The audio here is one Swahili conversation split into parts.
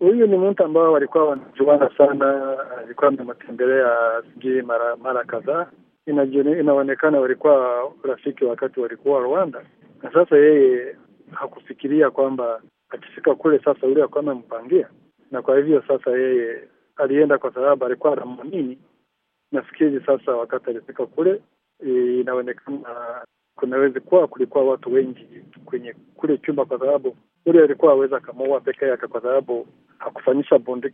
Huyu ni mtu ambao walikuwa wanajuana sana, alikuwa amematembelea sijui mara mara kadhaa. Inaonekana walikuwa rafiki wakati walikuwa Rwanda, na sasa yeye hakufikiria kwamba akifika kule sasa yule alikuwa amempangia, na kwa hivyo sasa yeye alienda kwa sababu alikuwa anamwamini. Nafikiri sasa wakati alifika kule, inaonekana kunaweza kuwa kulikuwa watu wengi kwenye kule chumba, kwa sababu yule alikuwa aweza akamuua peke yake, kwa sababu hakufanyisha bonde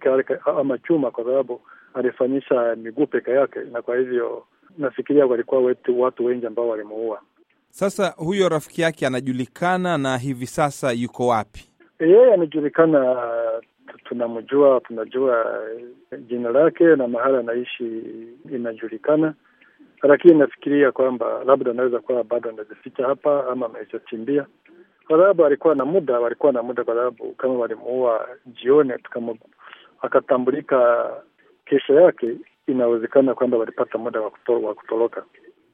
ama chuma, kwa sababu alifanyisha miguu peke yake, na kwa hivyo nafikiria walikuwa wetu watu wengi ambao walimuua. Sasa huyo rafiki yake anajulikana na hivi sasa yuko wapi? Yeye anajulikana, tunamjua, tunajua jina lake na mahali anaishi inajulikana, lakini nafikiria kwamba labda anaweza kuwa bado anajificha hapa ama ameshachimbia kwa sababu walikuwa na muda, walikuwa na muda, kwa sababu kama walimuua jioni akatambulika kesho yake, inawezekana kwamba walipata muda wa kutoroka.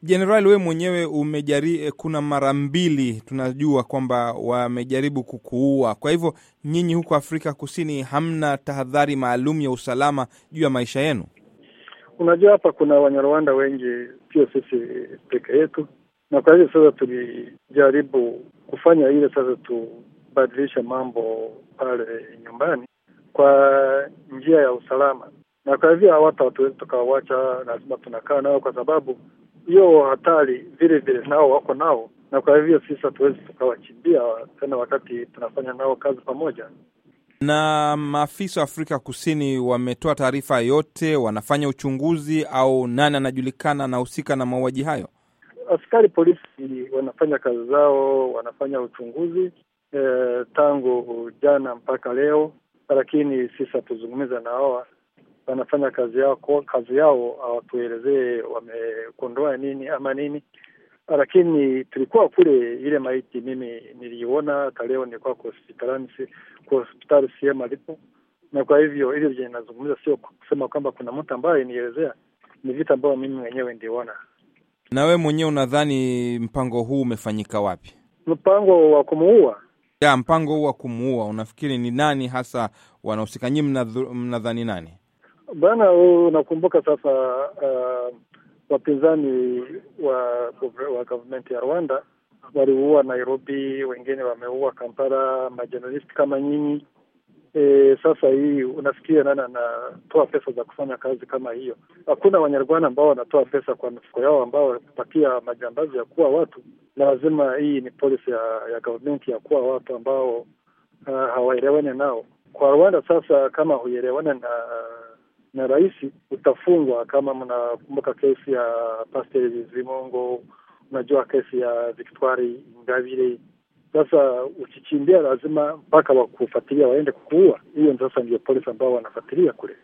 Jenerali, wee mwenyewe umejari, eh, kuna mara mbili tunajua kwamba wamejaribu kukuua. Kwa hivyo nyinyi huko Afrika Kusini hamna tahadhari maalum ya usalama juu ya maisha yenu? Unajua, hapa kuna Wanyarwanda wengi, sio sisi peke yetu, na kwa hivyo sasa tulijaribu kufanya ile sasa tubadilishe mambo pale nyumbani kwa njia ya usalama, na kwa hivyo watu hatuwezi tukawacha, lazima tunakaa nao kwa sababu hiyo hatari vile vile nao wako nao, na kwa hivyo sisi hatuwezi tukawachimbia tena wakati tunafanya nao kazi pamoja. Na maafisa wa Afrika Kusini wametoa taarifa yote, wanafanya uchunguzi au nani anajulikana anahusika na mauaji hayo? askari polisi wanafanya kazi zao, wanafanya uchunguzi eh, tangu jana mpaka leo, lakini sisi hatuzungumza na hawa wanafanya kazi yao, kazi yao hawatuelezee wamekondoa nini ama nini, lakini tulikuwa kule, ile maiti mimi niliona hata leo nilikuwa kwa hospitali kwa hospitali sehemu alipo, na kwa hivyo ili vyenye nazungumza sio kusema kwamba kuna mtu ambaye nielezea, ni vitu ambavyo mimi mwenyewe ndiona. Na wewe mwenyewe unadhani mpango huu umefanyika wapi? Mpango wa kumuua ya mpango huu wa kumuua, unafikiri ni nani hasa wanahusika? Nyinyi mnadhani nani bana? Unakumbuka sasa, uh, wapinzani wa wa government ya Rwanda waliua Nairobi, wengine wameua Kampala, majournalist kama nyinyi E, sasa hii unasikia nani anatoa pesa za kufanya kazi kama hiyo? Hakuna Wanyarwanda ambao wanatoa pesa kwa mifuko yao ambao wanakupatia majambazi ya kuwa watu. Lazima hii ni policy ya, ya gavumenti ya kuwa watu ambao uh, hawaelewani nao. Kwa Rwanda sasa, kama huielewana na na rais utafungwa. Kama mnakumbuka kesi ya Pasteur Zimongo, unajua kesi ya Victoire Ingabire sasa ukichimbia lazima mpaka wakufuatilia waende kukuua. Hiyo sasa ndio polisi ambao wanafuatilia kule.